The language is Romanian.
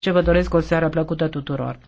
ce vă doresc o seară plăcută tuturor.